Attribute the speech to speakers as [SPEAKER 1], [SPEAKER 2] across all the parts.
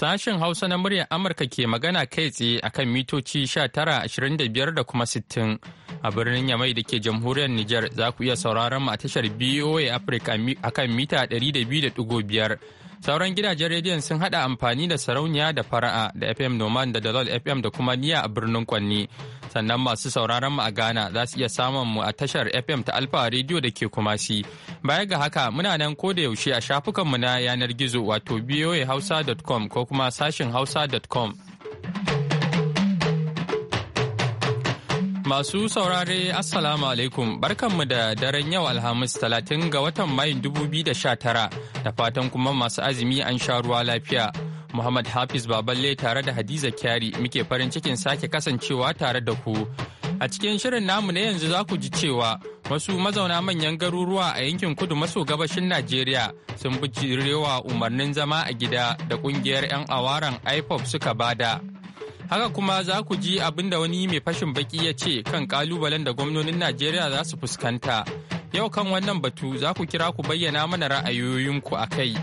[SPEAKER 1] Sashen Hausa na muryar Amurka ke magana kai tsaye akan mitoci 1925 da kuma 60 a birnin Yamai da ke jamhuriyar Nijar za ku iya sauraron mu a tashar BOA Africa akan mita 200.5 Sauran gidajen rediyon sun haɗa amfani da sarauniya da fara'a da FM Noman da Dalol FM da kuma Niya a birnin Kwanni. Sannan masu sauraron mu a Ghana za su iya samun mu a tashar FM ta Alfa Radio da ke Kumasi. Baya ga haka muna nan ko da yaushe a shafukanmu na yanar gizo wato voahausa.com ko kuma sashin hausa.com. Masu saurare Assalamu alaikum barkanmu da daren yau Alhamis 30 ga watan Mayun 2019 da fatan kuma masu azumi an sha ruwa lafiya. Muhammad Hafiz Baballe tare da Hadiza Kyari muke farin cikin sake kasancewa tare da ku. A cikin shirin namu na yanzu za ku ji cewa wasu mazauna manyan garuruwa a yankin kudu maso gabashin Najeriya sun bujirewa umarnin zama a gida da kungiyar 'yan awaran IPOP suka bada. Haka kuma za ku ji abin da wani mai fashin baki ya ce kan kalubalen da gwamnonin Najeriya za su fuskanta. Yau kan wannan batu za ku kira ku bayyana mana ra'ayoyinku a kai.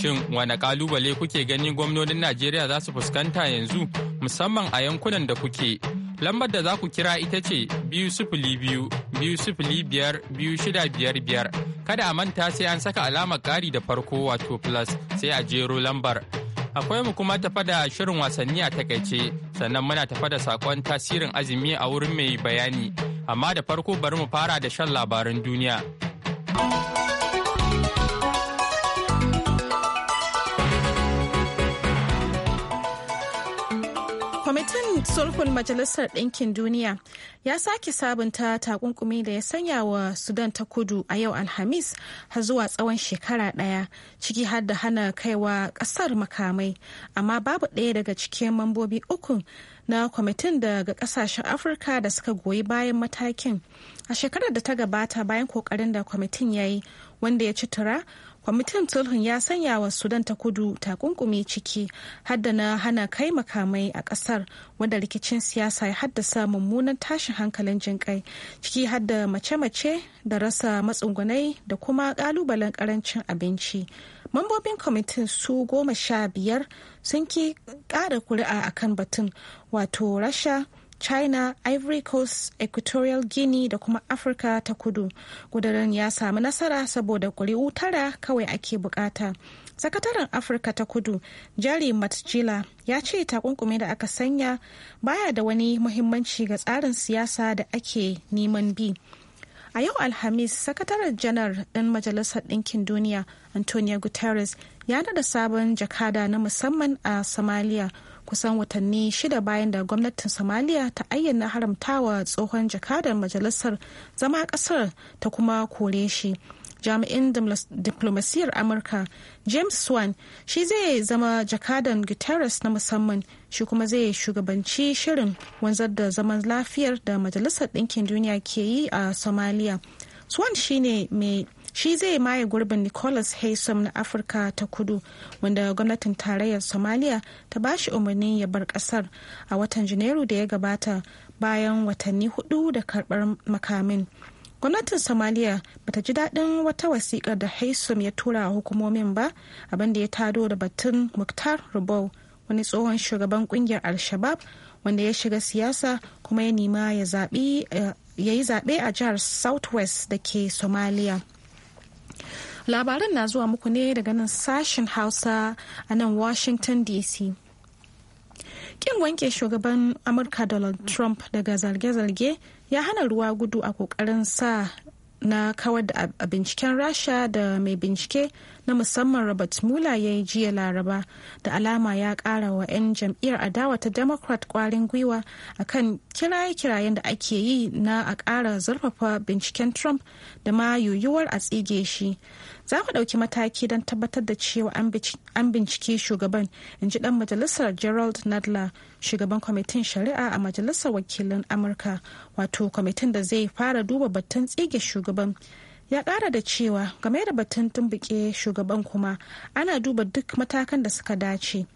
[SPEAKER 1] Shin wane kalubale kuke gani gwamnonin Najeriya za su fuskanta yanzu musamman a yankunan da kuke? Lambar da za ku kira ita ce biyu sufuli biyu biyu sufuli biyar biyu shida biyar biyar. Kada a manta sai an saka alamar ƙari da farko wato plus sai a jero lambar. akwai mu kuma tafa da shirin wasanni a takaice sannan muna tafa da sakon tasirin azumi a wurin mai bayani amma da farko bari mu fara da shan labaran duniya
[SPEAKER 2] kwamitin sulhun majalisar ɗinkin duniya ya sake sabunta takunkumi da ya sanya wa sudan ta kudu a yau alhamis har zuwa tsawon shekara ɗaya ciki har da hana kaiwa ƙasar makamai amma babu ɗaya daga cikin mambobi uku na kwamitin daga ƙasashen afirka da suka goyi bayan matakin a shekarar da ta gabata bayan ƙoƙarin da kwamitin ya yi wanda ya ci tura kwamitin sulhun ya sanya wa sudan ta kudu takunkumi ciki hadda na hana kai makamai a kasar wanda rikicin siyasa ya haddasa mummunan tashin hankalin jinƙai ciki hadda mace-mace da rasa matsungunai da kuma kalubalen karancin abinci mambobin kwamitin su goma sha biyar sun ki ƙara kuri'a akan batun wato rasha china ivory coast equatorial guinea da kuma afirka ta kudu gudanar ya samu nasara saboda kuri'u tara kawai ake bukata sakataren afirka ta kudu jari matjila ya ce takunkumi da aka sanya baya da wani muhimmanci ga tsarin siyasa da ake neman bi a yau alhamis sakataren janar ɗin majalisar ɗinkin duniya antonio guterres ya nada sabon jakada na musamman a somalia kusan watanni shida bayan da gwamnatin somalia ta ayyana haramtawa tsohon jakadar majalisar zama kasar ta kuma kore shi jami'in diplomasiyar amurka james swan shi zai zama jakadan guterres na musamman shi kuma zai shugabanci shirin wanzar da zaman lafiyar da majalisar ɗinkin duniya ke yi a somalia swan shine mai shi zai maye gurbin nicholas haysom na afirka ta kudu wanda gwamnatin tarayyar somalia ta ba shi umarni ya bar kasar a watan janairu da ya gabata bayan watanni hudu da karbar makamin gwamnatin somaliya bata ji daɗin wata wasiƙar da haysom ya tura a hukumomin ba abinda ya tado da batun muktar rubau wani tsohon shugaban ƙungiyar al-shabab wanda ya shiga siyasa kuma ya nima ya yi zaɓe a jihar southwest da ke somalia. labaran na zuwa muku ne daga nan sashen hausa a nan washington dc kin wanke shugaban amurka donald trump daga zarge-zarge ya hana ruwa gudu a kokarin sa na kawar da binciken rasha da mai bincike na musamman robert mueller ya yi jiya laraba da alama ya kara wa 'yan jam'iyyar adawa ta democrat kwarin gwiwa a kan kiraye-kirayen da ake yi na a kara zurfafa binciken trump da ma yiwuwar a tsige shi za ku ɗauki mataki don tabbatar da cewa an bincike shugaban in ji dan majalisar gerald nadler shugaban kwamitin shari'a a majalisar wakilan amurka wato kwamitin da zai fara duba batun tsige shugaban ya kara da cewa game da batun tumbuke shugaban kuma ana duba duk matakan da suka dace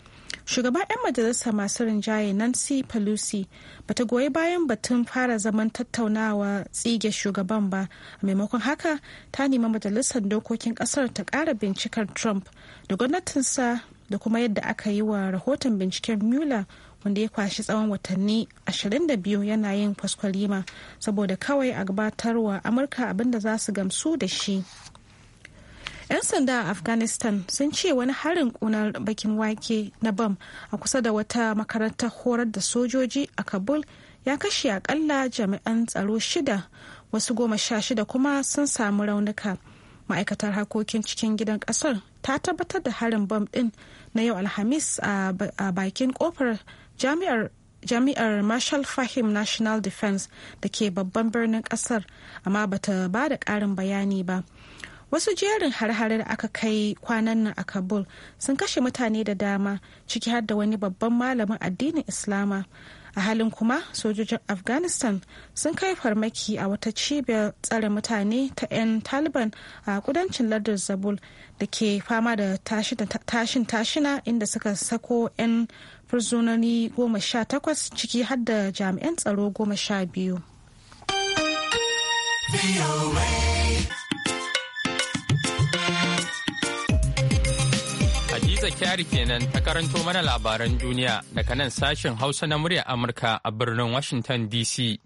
[SPEAKER 2] shugaban 'yan majalisa masu rinjaye nancy pelosi bata goyi bayan batun fara zaman tattaunawa tsige shugaban ba a maimakon haka ta nemi majalisar dokokin kasar ta kara bincikar trump da gwamnatinsa da kuma yadda aka yi wa rahoton binciken mueller wanda ya kwashi tsawon watanni 22 yana yin kwaskwalima saboda kawai a gabatarwa amurka abinda za su gamsu da shi 'yan sanda a afghanistan sun ce wani harin kunar bakin wake na bam a kusa da wata makarantar horar da sojoji a kabul ya kashe akalla jami'an tsaro shida wasu goma sha shida kuma sun samu raunuka ma'aikatar harkokin cikin gidan kasar ta tabbatar da harin bam din na yau alhamis a bakin kofar jami'ar jami'ar marshal fahim national defense da ke babban birnin kasar amma bata ba da karin bayani ba wasu jerin har-hare da aka kai kwanan nan a kabul sun kashe mutane da dama ciki har da wani babban malamin addinin islama a halin kuma sojojin afghanistan sun kai farmaki a wata cibiyar tsare mutane ta 'yan taliban a kudancin lardin zabul da ke fama da tashin tashina inda suka sako 'yan furzunoni goma sha takwas ciki har da jami'an tsaro goma sha biyu.
[SPEAKER 1] Kyari kenan ta karanto mana labaran duniya daga nan sashen Hausa na murya Amurka a birnin Washington DC.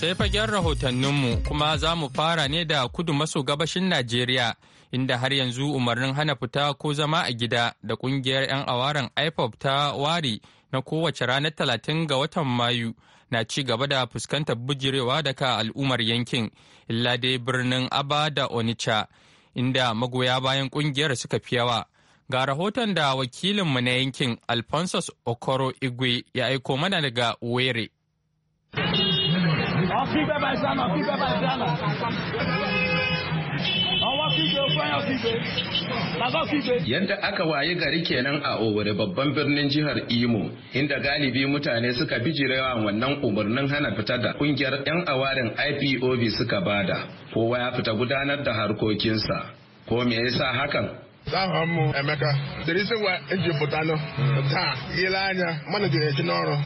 [SPEAKER 1] Sai fagen rahotanninmu kuma za mu fara ne da kudu maso gabashin Najeriya inda har yanzu umarnin hana fita ko zama a gida da kungiyar 'yan awaren IPOP ta wari na kowace ranar 30 ga watan Mayu na ci gaba da fuskantar bujirewa daga al'ummar yankin illade birnin aba da onitsha inda magoya bayan kungiyar suka fi yawa ga rahoton da wakilinmu na yankin alphonsus okoro igwe ya aiko mana daga
[SPEAKER 3] were Yadda aka wayi gari kenan a Owerri babban birnin jihar Imo, inda galibi mutane suka bijirewa wannan umarnin hana fita da kungiyar 'yan awarin IPOB suka bada, kowa ya fita gudanar da harkokinsa. Ko me yasa hakan? Emeka.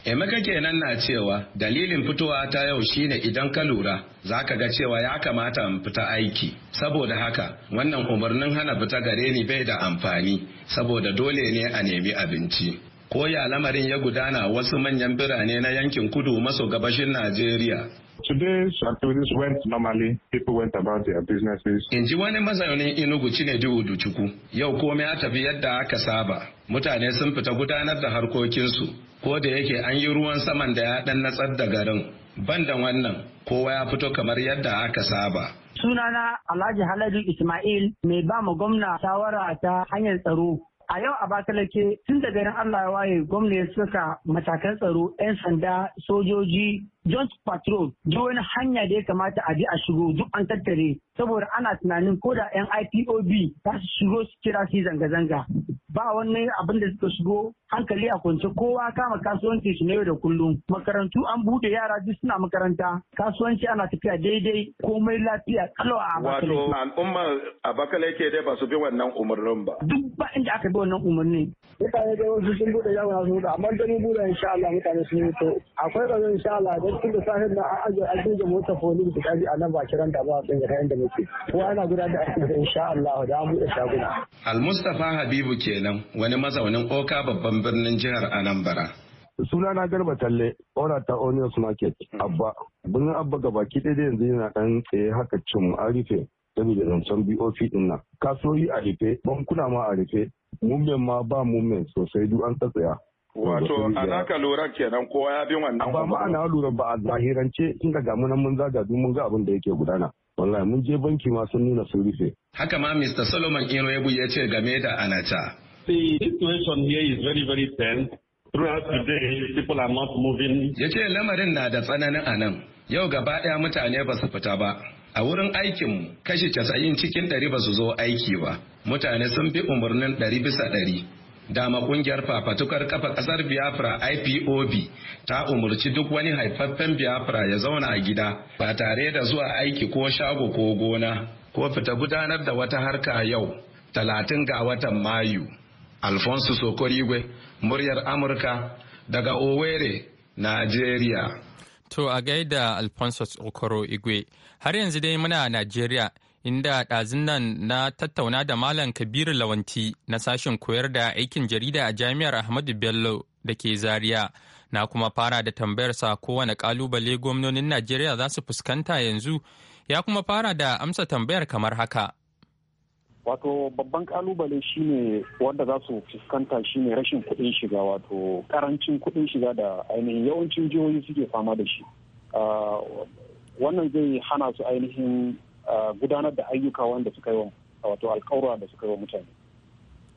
[SPEAKER 3] Emeka kenan na cewa dalilin fitowa ta yau shine idan ka lura za ka ga cewa ya kamata in fita aiki. Saboda haka wannan umarnin hana fita gare ni bai da amfani saboda dole ne a nemi abinci. ko ya lamarin ya gudana wasu manyan birane na yankin kudu maso gabashin Najeriya. Today's activities went normally. People went
[SPEAKER 4] about their businesses.
[SPEAKER 3] In ji wani mazaunin Enugu Chinedu Uduchukwu, yau komai ya tafi yadda aka saba. Mutane sun fita gudanar da harkokinsu, ko da yake an yi ruwan saman da ya dan natsar da garin. Banda wannan, kowa ya fito kamar yadda aka saba.
[SPEAKER 5] Sunana Alhaji Haladu Ismail mai ba mu gwamna shawara ta hanyar tsaro A yau a Bakalake tun da garin Allah ya waye gwamnati suka matakan tsaro 'yan sanda sojoji John Patrol duk wani hanya da ya kamata a je a shigo duk an tattare saboda ana tunanin ko da 'yan IPOB za su shigo su kira su zanga-zanga. Ba wannan abin da suka shigo hankali a kwance kowa kama kasuwanci su na yau da kullum. Makarantu an bude yara duk suna makaranta kasuwanci ana tafiya daidai komai lafiya
[SPEAKER 3] kalau a Wato al'umma a ke dai ba su bi wannan umarnin ba.
[SPEAKER 5] Duk ba inda aka bi wannan umarnin. Mutane da wasu sun buɗe yawon su amma dani mu buɗe insha Allah mutane sun yi to akwai ƙazon insha Allah cikin da sahin na an ajiye an duba mota da kaji a nan ba kiran da ba a
[SPEAKER 6] kayan da muke ko ana gudanar da aikin insha Allah da mu da shaguna
[SPEAKER 3] Al-Mustafa Habibu kenan wani mazaunin Oka babban birnin jihar Anambra
[SPEAKER 6] suna na garba talle
[SPEAKER 3] ona ta onions market abba birnin abba gaba ki ɗaya yanzu yana ɗan tsaye haka cin a rufe saboda zancen bop din nan Kasoyi a rufe bankuna ma a rufe mumen ma ba mumen sosai duk an tsatsaya Wato a naka lura kenan kowa ya bi wannan. Ba ana lura ba a zahirance tun daga munan mun zaga duk mun ga abin da yake gudana. Wallahi mun je banki ma sun nuna sun rufe. Haka ma Mr. Solomon Iroyebu ya ce game da Anacha. The situation here is very very tense. Throughout people are not moving. Ya ce lamarin na da tsananin a nan. Yau gaba ɗaya mutane ba su fita ba. A wurin aikinmu, kashi casa'in cikin ɗari ba su zo aiki ba. Mutane sun fi umarnin ɗari bisa ɗari. dama kungiyar fafatukar kafa kasar biafra ipob ta umarci duk wani haifaffen biafra ya zauna a gida ba tare da zuwa aiki ko shago ko gona ko fita gudanar da wata harka yau talatin ga watan mayu alfonso sokorigwe muryar amurka daga owerri nigeria
[SPEAKER 1] to a gaida alfonso sokoro igwe har yanzu dai muna najeriya inda ɗazun nan na tattauna da Malam Kabiru Lawanti na sashen koyar da aikin jarida a Jami'ar Ahmadu Bello da ke Zaria. Na kuma fara da tambayarsa kowane ƙalubale gwamnonin Najeriya za su fuskanta yanzu, ya kuma fara da amsa tambayar kamar haka.
[SPEAKER 7] Wato babban ƙalubale shine wanda za su fuskanta shine rashin kuɗin shiga wato ƙarancin kuɗin shiga da ainihin yawancin jihohi suke fama da shi. Ah, wannan zai hana su ainihin gudanar da ayyuka wanda suka yi wato alkawura da suka yi wa mutane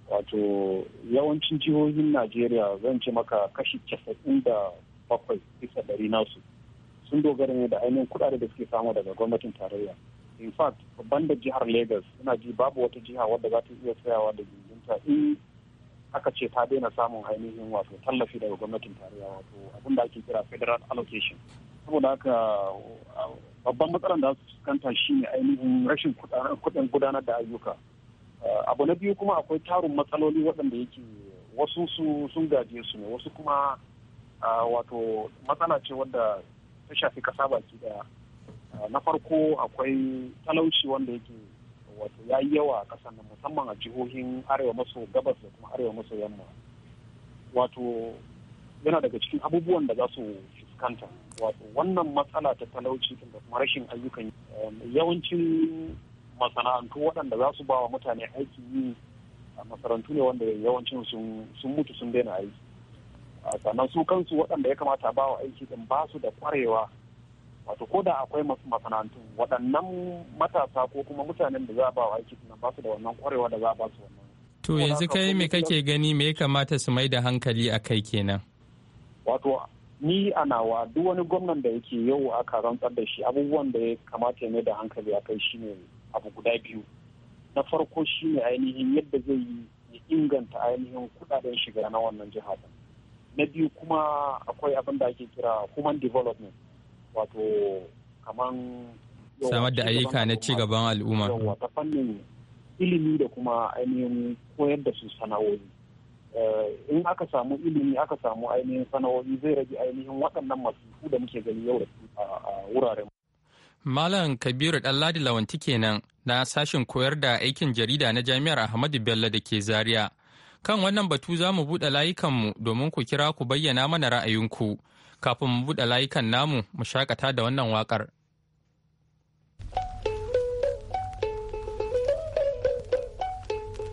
[SPEAKER 7] wato yawancin jihohin najeriya zan ce maka kashi casa'in da bakwai bisa ɗari nasu sun dogara ne da ainihin kuɗaɗe da suke samu daga gwamnatin tarayya in fact babban da jihar lagos suna ji babu wata jiha wadda za ta iya tsayawa da gindinta in aka ce ta daina samun ainihin wato tallafi daga gwamnatin tarayya wato abin da ake kira federal allocation saboda haka babban matsalar da su fuskanta shine ainihin rashin kuɗin gudanar da ayyuka eh, abu na biyu kuma akwai tarun matsaloli waɗanda yake wasu su sun gaje su ne wasu kuma eh, wato matsala ce wadda ta shafi ƙasa baki daya eh, na farko akwai talauci wanda yake wato ya yi yawa a ƙasar nan musamman a jihohin arewa maso gabas da kuma arewa maso yamma wato yana daga cikin abubuwan da za su fuskanta wato wannan matsala ta talauci da kuma rashin ayyukan um, yawancin masana'antu waɗanda za su ba wa mutane aiki yi a masarantu ne wanda yawancin sun mutu sun daina aiki sannan su kansu waɗanda ya kamata ba wa aiki din ba su da kwarewa wato ko da akwai masana'antu waɗannan matasa ko kuma mutanen da za a ba wa aiki din ba su da wannan kwarewa da za a ba su wannan
[SPEAKER 1] to yanzu kai me kake gani me ya kamata su mai da hankali a kai kenan
[SPEAKER 7] wato ni a nawa duk wani gwamnan da yake yau aka rantsar da shi abubuwan da ya kamata ya da hankali akai shine abu guda biyu na farko shine ainihin yadda zai yi ya inganta ainihin kudaden shiga na wannan jiha na biyu kuma akwai abin da ake kira human development wato kaman
[SPEAKER 1] samar da ayyuka na ci gaban al'umma ta
[SPEAKER 7] fannin ilimi da kuma ainihin koyar da su sana'o'i Eh, in aka samu ilimi aka samu ainihin sana'o'i zai rage ainihin waɗannan masifu da muke gani yau da a wuraren.
[SPEAKER 1] Malam Kabiru Ɗanladi Lawanti kenan na sashen koyar da aikin jarida na Jami'ar Ahmadu Bello da ke Zaria. Kan wannan batu za mu buɗe layukanmu domin ku kira ku bayyana mana ra'ayinku. Kafin mu buɗe layukan namu mu shakata da wannan wakar.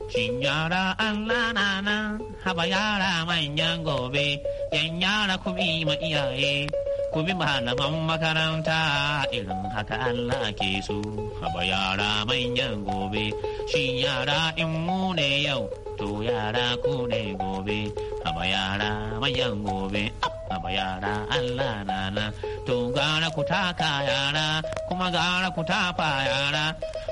[SPEAKER 8] Shinyara Allah na nan haba yara manyan gobe, yan yara ku bi ma iyaye, ku bi malaman makaranta irin haka Allah ke so. Haba yara manyan gobe, shin yara in mu ne yau, to yara ku ne gobe, haba yara manyan gobe. Haba yara Allah na na, to gara ku taka yara, kuma gara ku tafa yara.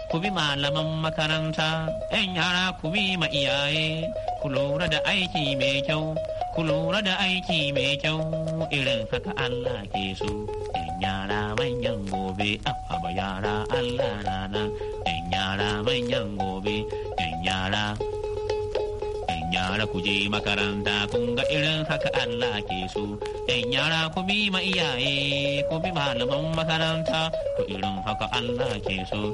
[SPEAKER 8] ku bi malaman makaranta, ‘yan yara ku bi ma iyaye, ku lura da aiki mai kyau, ku lura da aiki mai kyau, irin haka Allah ke so. ‘Yan yara manyan gobe, abba yara Allah rana, ‘yan yara manyan gobe, ‘yan yara. yara ku je makaranta kun ga irin haka Allah ke so. ‘Yan yara ku bi ma iyaye, ku bi malaman makaranta, ku irin haka Allah ke so.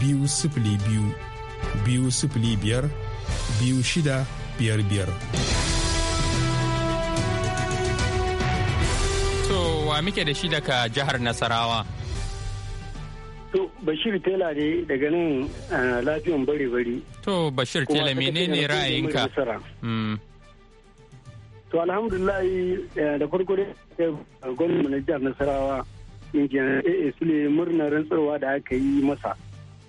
[SPEAKER 3] biyu sifili biyu biyu sifili biyar biyu shida biyar biyar. To
[SPEAKER 1] wa muke da shi daga jihar Nasarawa?
[SPEAKER 7] To Bashir Tela ne daga nan lafiyan bari-bari.
[SPEAKER 1] To Bashir Tela menene ra'ayinka? Hmm.
[SPEAKER 7] To alhamdulillah eh, da farko dai eh, gwamnati na jihar Nasarawa injiyar AA Sule murnar rantsarwa da aka yi masa.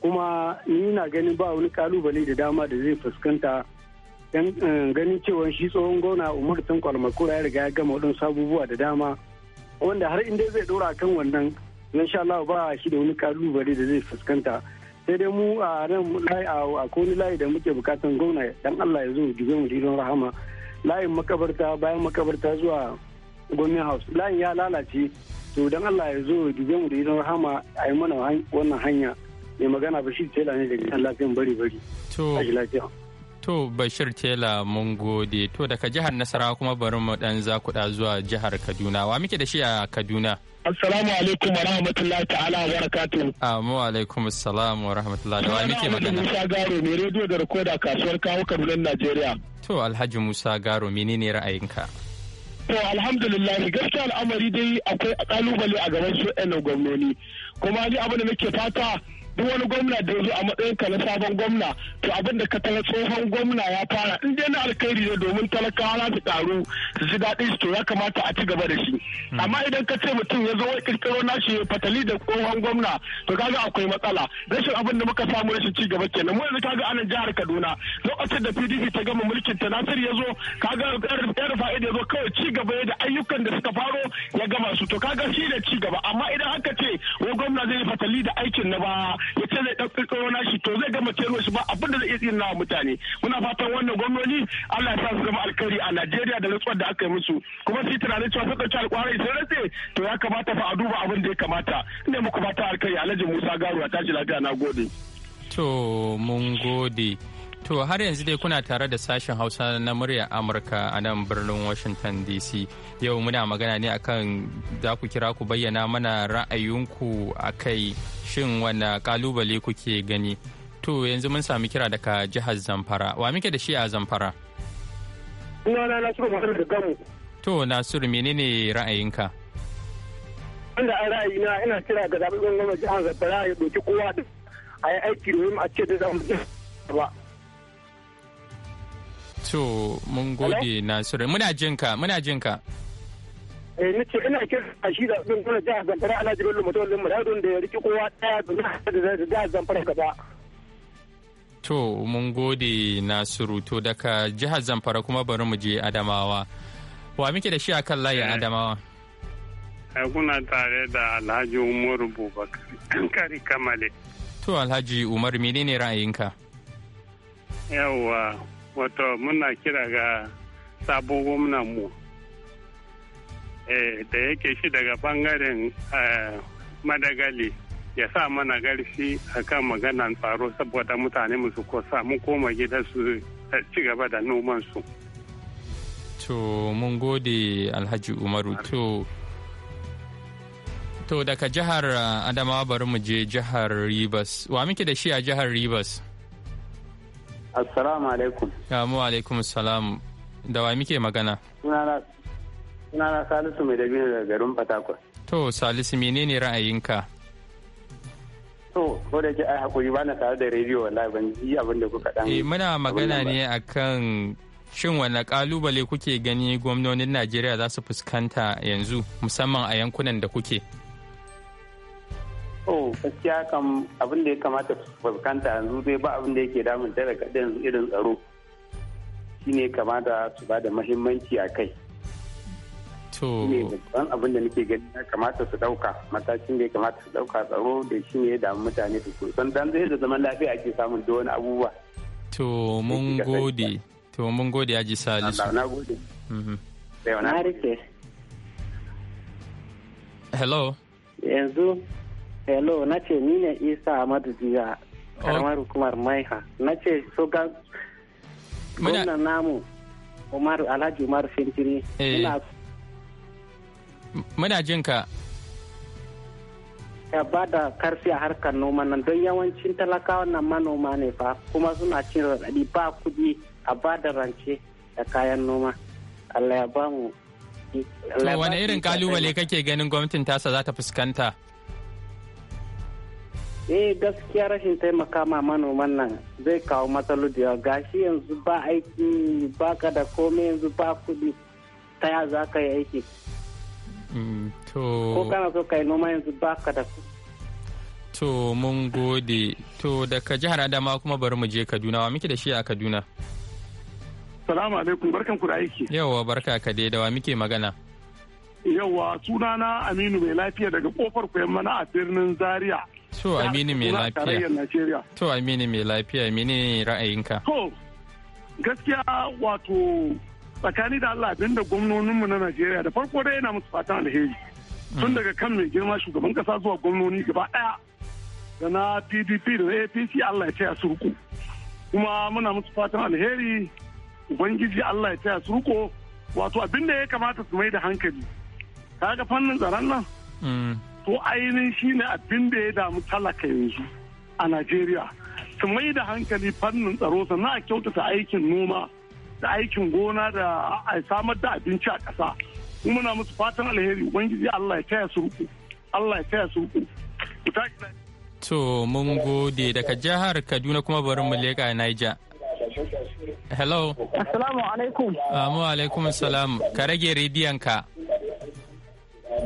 [SPEAKER 7] kuma ni na ganin ba wani kalubale da dama da zai fuskanta dan eh, ganin cewa shi tsohon gona umar tun kwalmakura ya riga ya gama waɗansu abubuwa da dama wanda har inda zai ɗora kan wannan zan sha Allah ba shi da wani kalubale da zai fuskanta sai dai mu a nan layi a layi da muke bukatan gwamna dan Allah ya zo jibe mu rahama layin makabarta bayan makabarta zuwa gwamnan house layin ya lalace to dan Allah ya zo mu rahama a yi mana wannan hanya mai magana bashir tela ne daga lafiyan bari bari to lafiya
[SPEAKER 1] to bashir tela mun gode to daga jihar nasarawa kuma bari mu dan zakuda zuwa jihar kaduna wa muke da shi a kaduna
[SPEAKER 6] assalamu alaikum wa rahmatullahi ta'ala wa barakatuhu
[SPEAKER 1] amu ah, alaikum assalam wa rahmatullahi wa muke magana Musa
[SPEAKER 6] Garo mai rediyo da rikoda kasuwar kawo Kaduna Najeriya
[SPEAKER 1] to Alhaji Musa Garo menene ra'ayinka
[SPEAKER 6] To alhamdulillah gaskiya al'amari dai akwai kalubale a gaban su ɗan gwamnoni kuma ni abin da nake fata duk wani gwamna da yanzu a matsayin ka na sabon gwamna to abin da ka tala tsohon gwamna ya fara in dai na alkhairi ne domin talakawa za su karu su ji daɗin su to ya kamata a ci gaba da shi hmm. amma idan ka ce mutum ya zo wai kirkiro na ya fatali da tsohon gwamna to kaga akwai matsala rashin abin da muka samu rashin ci gaba kenan mu yanzu kaga anan jihar Kaduna lokacin da PDP ta gama mulkin ta Nasir ya zo kaga yar fa'ida ya zo kawai ci gaba da ayyukan da suka faro ya gama su to kaga shi da ci gaba amma idan haka ce wai gwamna zai yi fatali da aikin na ba ya ce zai ɗauki na shi to zai gama tero shi ba abin da zai iya tsina wa mutane muna fatan wannan gwamnoni Allah ya sa su zama alkhairi a Najeriya da rantsuwar da aka yi musu kuma su tunanin cewa sun ɗauki alƙwarai sun rantse to ya kamata fa a duba abin da ya kamata ne muku fata alkhairi Alhaji Musa Garu a tashi lafiya na gode.
[SPEAKER 1] To mun gode. To har yanzu dai kuna tare da sashen Hausa na murya Amurka a nan birnin Washington DC. Yau muna magana ne akan za ku kira ku bayyana mana ra'ayinku a kai shin wanda kalubale kuke gani. To yanzu mun sami kira daga jihar Zamfara. Wa muke da shi a Zamfara? Ina na Nasiru Muhammad da Gamu. To Nasiru menene ra'ayinka?
[SPEAKER 6] Wanda a ra'ayina ina kira ga zaɓen gwamnati jihar Zamfara ya ɗauki kowa da a yi aiki domin a ce da zamu ba.
[SPEAKER 1] To mun gode Nasiru muna jinka muna jinka.
[SPEAKER 7] eh ni ce ina kira a shi da zan gona jihar Zamfara Alhaji Bello mutum muradun da ya riki kowa daya da jihar Zamfara gaba.
[SPEAKER 1] To mun gode Nasiru to daga jihar Zamfara kuma bari mu je Adamawa. Wa muke da shi a kan layin eh. Adamawa?
[SPEAKER 7] kuna eh, tare da Alhaji Umar, Bubakar Kari Kamale.
[SPEAKER 1] To Alhaji Umar menene ra'ayinka?
[SPEAKER 7] Yawwa wato muna kira ga sabon gwamnan mu eh, da yake shi daga bangaren eh, madagali ya sa mana garfi a kan maganan tsaro saboda mutane musu ko samu koma gida su eh, ci gaba da nomansu.
[SPEAKER 1] To mun gode Alhaji Umaru to To daga jihar Adamawa bari mu je jihar Rivers. Wa muke da shi a jihar Rivers? Assalamu alaikum. mu alaikum salam. Da wa muke magana?
[SPEAKER 7] Sunana Salisu mai dabino daga garin fatakwa
[SPEAKER 1] To Salisu menene ra'ayinka?
[SPEAKER 7] To, ko da ke ai hakuri ba na tare da rediyo wallahi ban ji abin da kuka dan. Eh
[SPEAKER 1] muna magana ne akan shin wanne kalubale kuke gani gwamnonin Najeriya za su fuskanta yanzu musamman a yankunan da kuke?
[SPEAKER 7] Oh, gaskiya kam abin da ya kamata su fuskanta yanzu zai ba abin da yake damun da yanzu irin tsaro. Shi ne kamata su ba da mahimmanci a kai. To. Shi ne babban abin da nake gani ya kamata su ɗauka matakin da ya kamata su ɗauka tsaro da shi ne ya damu mutane su so. Son dan zai da zaman lafiya ake samun da wani abubuwa.
[SPEAKER 1] To mun gode. To mun gode aji Salisu. Na
[SPEAKER 5] gode. Mhm. Hello. Yanzu. hello na ce ni ne isa amadu jiya
[SPEAKER 1] karamar hukumar maiha
[SPEAKER 5] na ce so ga gwamnan namu umar alhaji umar fintiri eh.
[SPEAKER 1] muna jin ka
[SPEAKER 5] ya ba da karfi a harkar noma nan don yawancin talakawa nan manoma ne fa kuma suna cin raɗaɗi ba kuɗi a ba da rance da kayan noma allah ya ba mu wani irin kalubale
[SPEAKER 1] kake ganin gwamnatin tasa za ta fuskanta
[SPEAKER 5] eh gaskiya rashin taimaka ma manoman nan zai kawo matsaloli da gashi yanzu ba aiki ba ka da komai yanzu ba kuɗi ta ya za ka yi aiki
[SPEAKER 1] mm, ko kana
[SPEAKER 5] so ka yi noma yanzu ba ka da
[SPEAKER 1] to mun gode to daga jihar adama kuma bari mu je kaduna wa muke da shi a kaduna salamu alaikum barkan ku da aiki yawa barka ka dai da wa muke magana
[SPEAKER 6] yawa sunana aminu mai lafiya daga kofar koyon mana a birnin zaria
[SPEAKER 1] To Aminu mai lafiya. To Aminu mai lafiya mene ra'ayinka? To
[SPEAKER 6] gaskiya wato tsakani da Allah abin da gwamnoninmu na Najeriya da farko dai yana musu fatan alheri. Mm. Tun daga kan mai girma shugaban kasa zuwa gwamnoni gaba ɗaya da na PDP da na APC Allah ya taya su ruku Kuma muna musu fatan alheri Ubangiji Allah ya taya su ruku wato abin da ya kamata su mai da hankali. Kaga fannin tsaron nan. Mm. to ainihin shine ne abin da ya damu talaka yanzu a najeriya su mai da hankali fannin tsaro sannan a kyautata aikin noma da aikin gona da a samar da abinci a ƙasa kuma na musu fatan alheri ubangiji allah ya taya su allah ya taya su
[SPEAKER 1] to mun gode daga jihar kaduna kuma bari mu leƙa niger hello assalamu alaikum ah, wa alaikum salam ka rage rediyon ka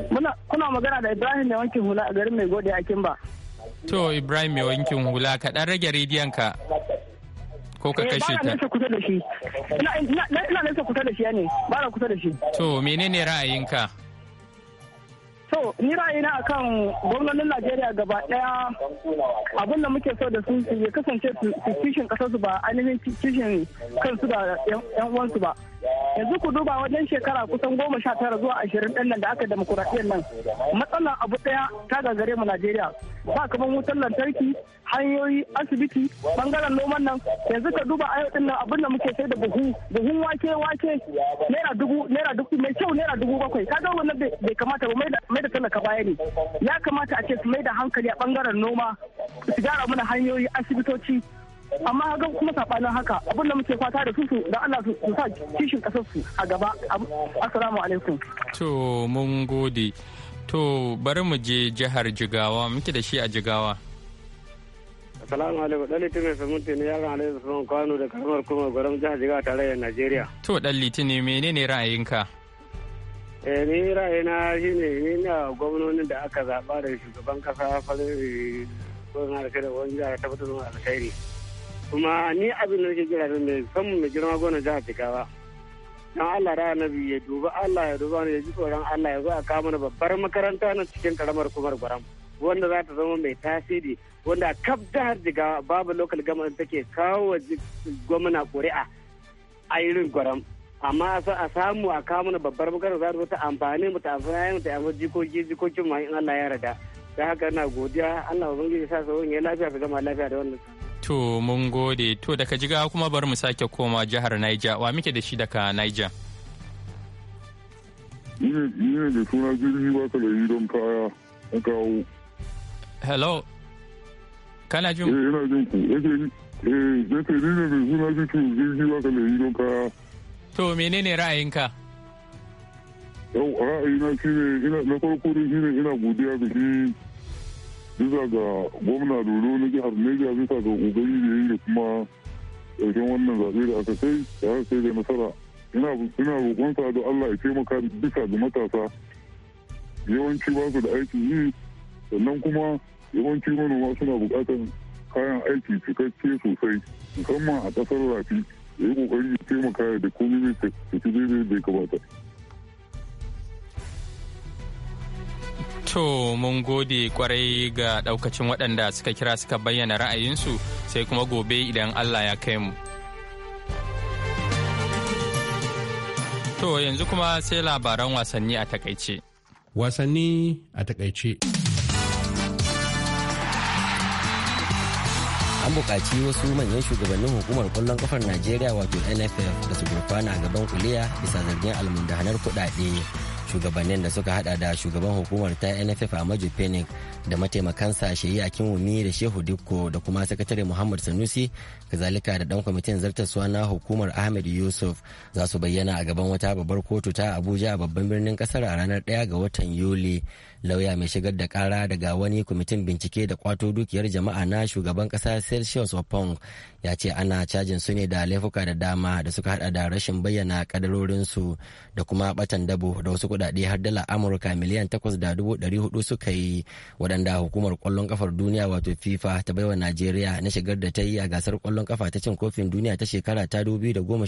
[SPEAKER 1] Muna
[SPEAKER 5] kuna magana da Ibrahim mai wankin hula a garin mai gode a Kimba.
[SPEAKER 1] To Ibrahim mai wankin hula ka dan rage rediyon ka. Ko ka eh, kashe ta. Ina
[SPEAKER 5] kusa da shi. Ina nesa kusa da shi ne. Ba na kusa da shi. To
[SPEAKER 1] menene ra'ayinka?
[SPEAKER 5] To ni ra'ayina akan gwamnatin Najeriya gaba daya abin da muke so da su ya kasance su kishin ƙasarsu ba ainihin kishin kansu da 'yan uwansu ba. yanzu ku duba wajen shekara kusan goma sha tara zuwa ashirin ɗin nan da aka demokuraɗiyyar nan matsalar abu ɗaya ta gagare mu najeriya ba kamar wutar lantarki hanyoyi asibiti bangaren noman nan yanzu ka duba ayo ɗin nan abin da muke sai da buhu buhun wake wake naira dubu naira dubu mai kyau naira dubu bakwai ka ga wannan bai kamata ba mai da talaka baya ne ya kamata a ce su mai da hankali a bangaren noma su gyara mana hanyoyi asibitoci amma ga kuma sabanin haka abinda muke fata da su da Allah su sa kishin kasar su a gaba assalamu alaikum
[SPEAKER 1] to mun gode to bari mu je jihar Jigawa muke da shi a Jigawa assalamu
[SPEAKER 5] alaikum dan litinin samunti ne yaran alaikum sun kwano da karamar kuma gwaram jihar Jigawa da Najeriya
[SPEAKER 1] to dan litinin menene ra'ayinka
[SPEAKER 5] eh ni ra'ayina shine ni na gwamnonin da aka zaba da shugaban kasa farin eh, gwamnati da wani jihar tabbatar da alkhairi kuma ni abin da nake jira da mai san mai girma gona jihar Jigawa dan Allah da Annabi ya duba Allah ya duba ya ji tsoron Allah ya zo a kawo mana babbar makaranta na cikin karamar kumar gwaram wanda za ta zama mai tasiri wanda kaf jihar Jigawa babu local government take kawo wa gwamna ƙuri'a a irin gwaram amma a samu a kawo mana babbar makaranta za ta amfani mu ta amfani mu ta amfani jikoki jikokin mu in Allah ya yarda da haka na godiya Allah ubangiji sa sauran ya lafiya ka gama lafiya da
[SPEAKER 1] wannan To mun gode to daga jiga kuma bar mu sake koma jihar Niger wa muke da shi daga Niger.
[SPEAKER 7] Ni ne da suna jirgi ba ka da don kaya na kawo.
[SPEAKER 1] Hello. Kana jin? Eh ina jin ku.
[SPEAKER 7] Eh zai ni ne da suna jirgi ba ka da don kaya.
[SPEAKER 1] To menene ra'ayinka?
[SPEAKER 7] Yau ra'ayina shi ne na farko shi ne ina godiya da shi bisa ga gwamna doro na jihar Niger bisa ga kokari da yi da kuma ɗauken wannan zaɓe da aka kai da aka sai da nasara ina roƙonsa da Allah ya taimaka bisa ga matasa yawanci ba su da aiki yi sannan kuma yawanci manoma suna buƙatar kayan aiki cikakke sosai musamman a ƙasar rafi ya yi ƙoƙari ya taimaka da komai mai tafi daidai da ya kamata.
[SPEAKER 1] To mun gode kwarai ga daukacin waɗanda suka kira suka bayyana ra'ayinsu sai kuma gobe idan Allah ya kai mu. To yanzu kuma sai labaran wasanni a takaice. Wasanni a takaice.
[SPEAKER 4] an buƙaci wasu manyan shugabannin hukumar kwallon kafar najeriya wato nff da su gurfana a gaban kuliya bisa zargin almundanar kuɗaɗe shugabannin da suka hada da shugaban hukumar ta nff a maju phoenix da mataimakansa shehi akin wumi da shehu dikko da kuma sakatare muhammad sanusi kazalika da dan kwamitin zartaswa na hukumar ahmed yusuf za su bayyana a gaban wata babbar kotu ta abuja a babban birnin kasar a ranar 1 ga watan yuli lauya mai shigar da kara daga wani kwamitin bincike da kwato dukiyar jama'a na shugaban kasa celsius opong ya ce ana cajin su ne da laifuka da dama da suka hada da rashin bayyana kadarorinsu da kuma batan dabo da wasu kudade har dala amurka miliyan takwas da dubu dari suka yi waɗanda hukumar kwallon kafar duniya wato fifa ta baiwa najeriya na shigar da ta yi a gasar kwallon kafa ta cin kofin duniya ta shekara ta dubu da goma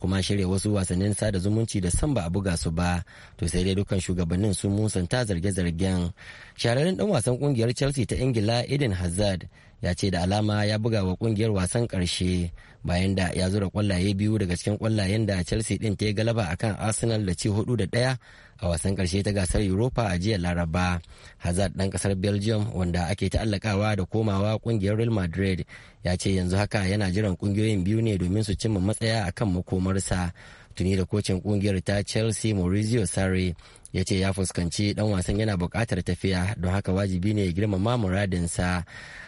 [SPEAKER 4] kuma shirya wasu wasannin sada zumunci da san ba a buga su ba to sai dai dukkan shugabannin sun musanta ta zarge-zargen shahararren dan wasan kungiyar chelsea ta ingila eden hazard ya ce da alama ya buga wa kungiyar wasan karshe bayan da ya zura kwallaye biyu daga cikin kwallayen da chelsea din ta yi galaba akan arsenal da ci hudu da daya a wasan karshe ta gasar europa a jiya laraba hazard dan kasar belgium wanda ake ta'allakawa da komawa kungiyar real madrid ya ce yanzu haka yana jiran kungiyoyin biyu ne domin su cimma matsaya akan makomarsa tuni da kocin kungiyar ta chelsea maurizio sarri ya ce ya fuskanci dan wasan yana buƙatar tafiya don haka wajibi ne ya girmama muradinsa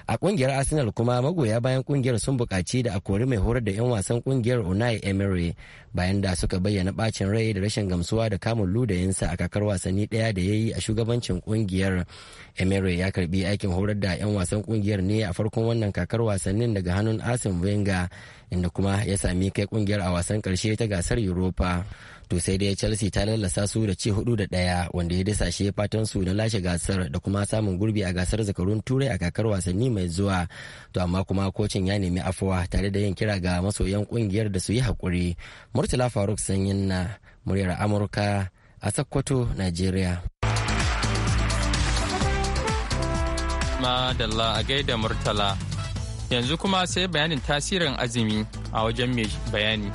[SPEAKER 4] a kungiyar arsenal kuma magoya bayan kungiyar sun buƙaci da a kori mai horar da 'yan wasan kungiyar unai emery bayan da suka bayyana bacin rai da rashin gamsuwa da kamun ludayinsa a kakar wasanni daya da ya yi a shugabancin kungiyar emery ya karbi aikin horar da 'yan wasan kungiyar ne a farkon wannan kakar wasannin daga hannun arsene wenger inda kuma ya sami kai kungiyar a wasan karshe ta gasar europa to sai dai chelsea ta lallasa su da ci hudu da daya wanda ya dasa shi fatan su na lashe gasar da kuma samun gurbi a gasar zakarun turai a kakar wasanni mai zuwa to amma kuma kocin ya nemi afuwa tare da yin kira ga masoyan kungiyar da su yi hakuri murtala faruk sanyin na muryar amurka a sakkwato nigeria
[SPEAKER 1] madalla a gaida murtala Yanzu kuma sai bayanin tasirin azumi a wajen mai bayani.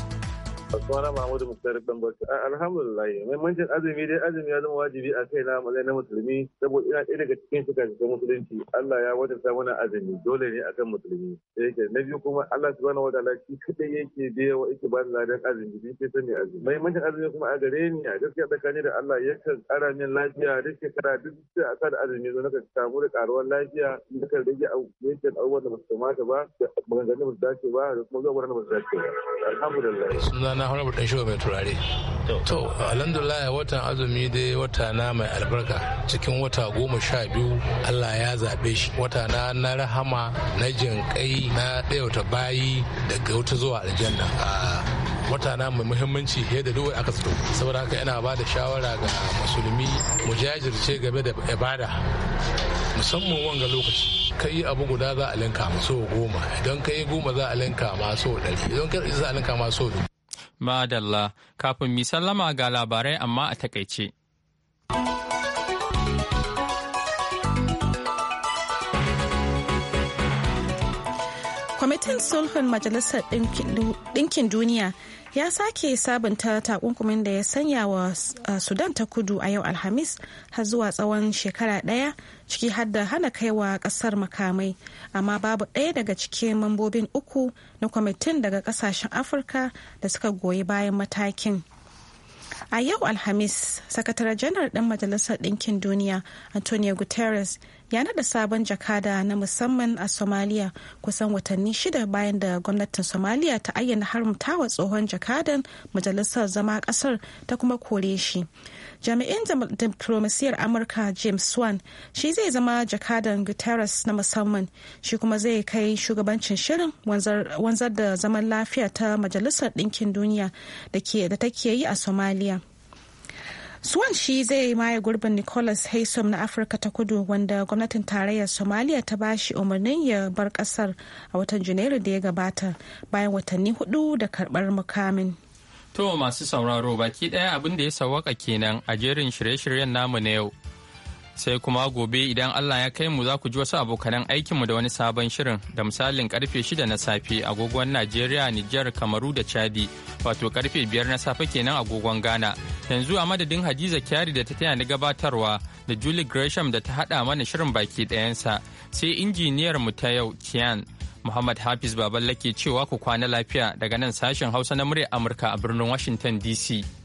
[SPEAKER 6] Kasuwa Mahmudu Muktar Ɗanbata. Alhamdulillah. Muhimmancin azumi dai azumi ya zama wajibi a kai na matsayin na musulmi saboda ina ɗaya daga cikin shiga shiga musulunci. Allah ya wajabta mana azumi dole ne akan musulmi. Da yake na biyu kuma Allah subhanahu wataala shi kadai yake biya wa yake bani ladan azumi shi ke sani azumi. Muhimmancin azumi kuma a gare ni a gaskiya tsakani da Allah kan ƙara min lafiya ke
[SPEAKER 7] kara duk sai a kan azumi zo nakan samu da ƙaruwar lafiya nakan rage yankin abubuwan da ba su kamata ba da maganganun da ba dace ba da kuma zuwa wurin da ba su dace ba. Alhamdulillah.
[SPEAKER 2] na honorable
[SPEAKER 3] dan shugaban turare to alhamdulillah watan azumi dai wata na mai albarka cikin wata goma sha biyu allah ya zaɓe shi wata na na rahama na jinƙai na ɗayauta bayi daga wata zuwa aljanna wata na mai muhimmanci fiye da duwai aka zato saboda haka yana ba da shawara ga musulmi mu jajirce game da ibada musamman wanga lokaci ka yi abu guda za a linka maso goma idan ka yi goma za a linka maso ɗari idan ka za a linka maso biyu
[SPEAKER 1] Madalla, kafin mi sallama ga labarai amma a takaice.
[SPEAKER 2] kwamitin sulhun majalisar ɗinkin duniya ya sake sabunta takunkumin da ya sanya wa uh, sudan ta kudu a yau alhamis har zuwa tsawon shekara ɗaya ciki har da hana kaiwa ƙasar makamai amma babu ɗaya daga cikin mambobin uku na kwamitin daga ƙasashen afirka da suka goyi bayan matakin a yau alhamis sakatare janar ɗin majalisar ɗinkin duniya antonio guterres ya nada sabon jakada na musamman a somalia kusan watanni shida bayan da gwamnatin somalia ta ayyana haramtawa tsohon jakadan majalisar zama kasar ta kuma kore shi jami'in diplomasiyar amurka james swan shi zai zama jakadan guterres na musamman shi kuma zai kai shugabancin shirin wanzar da zaman lafiya ta majalisar ɗinkin duniya da take yi a somalia. Swan shi zai maye gurbin Nicholas Haysom na Afirka ta kudu wanda gwamnatin tarayyar somaliya ta bashi umarnin ya bar kasar a watan Janairu da ya gabata bayan watanni hudu da karbar mukamin.
[SPEAKER 1] To masu sauraro baki daya abin da ya sawaka kenan a jerin shirye-shiryen namu na yau sai kuma gobe idan Allah ya kai mu za ku ji wasu abokanan mu da wani sabon shirin da misalin karfe shida na safe agogon Najeriya, Nijar, Kamaru da Chadi wato karfe biyar na safe kenan agogon Ghana. Yanzu a madadin Hadiza Kyari da ta taya ni gabatarwa da Julie Gresham da ta haɗa mana shirin baki ɗayansa sai injiniyar mu ta yau Kian. Muhammad Hafiz ke cewa ku kwana lafiya daga nan sashen Hausa na murya Amurka a birnin Washington DC.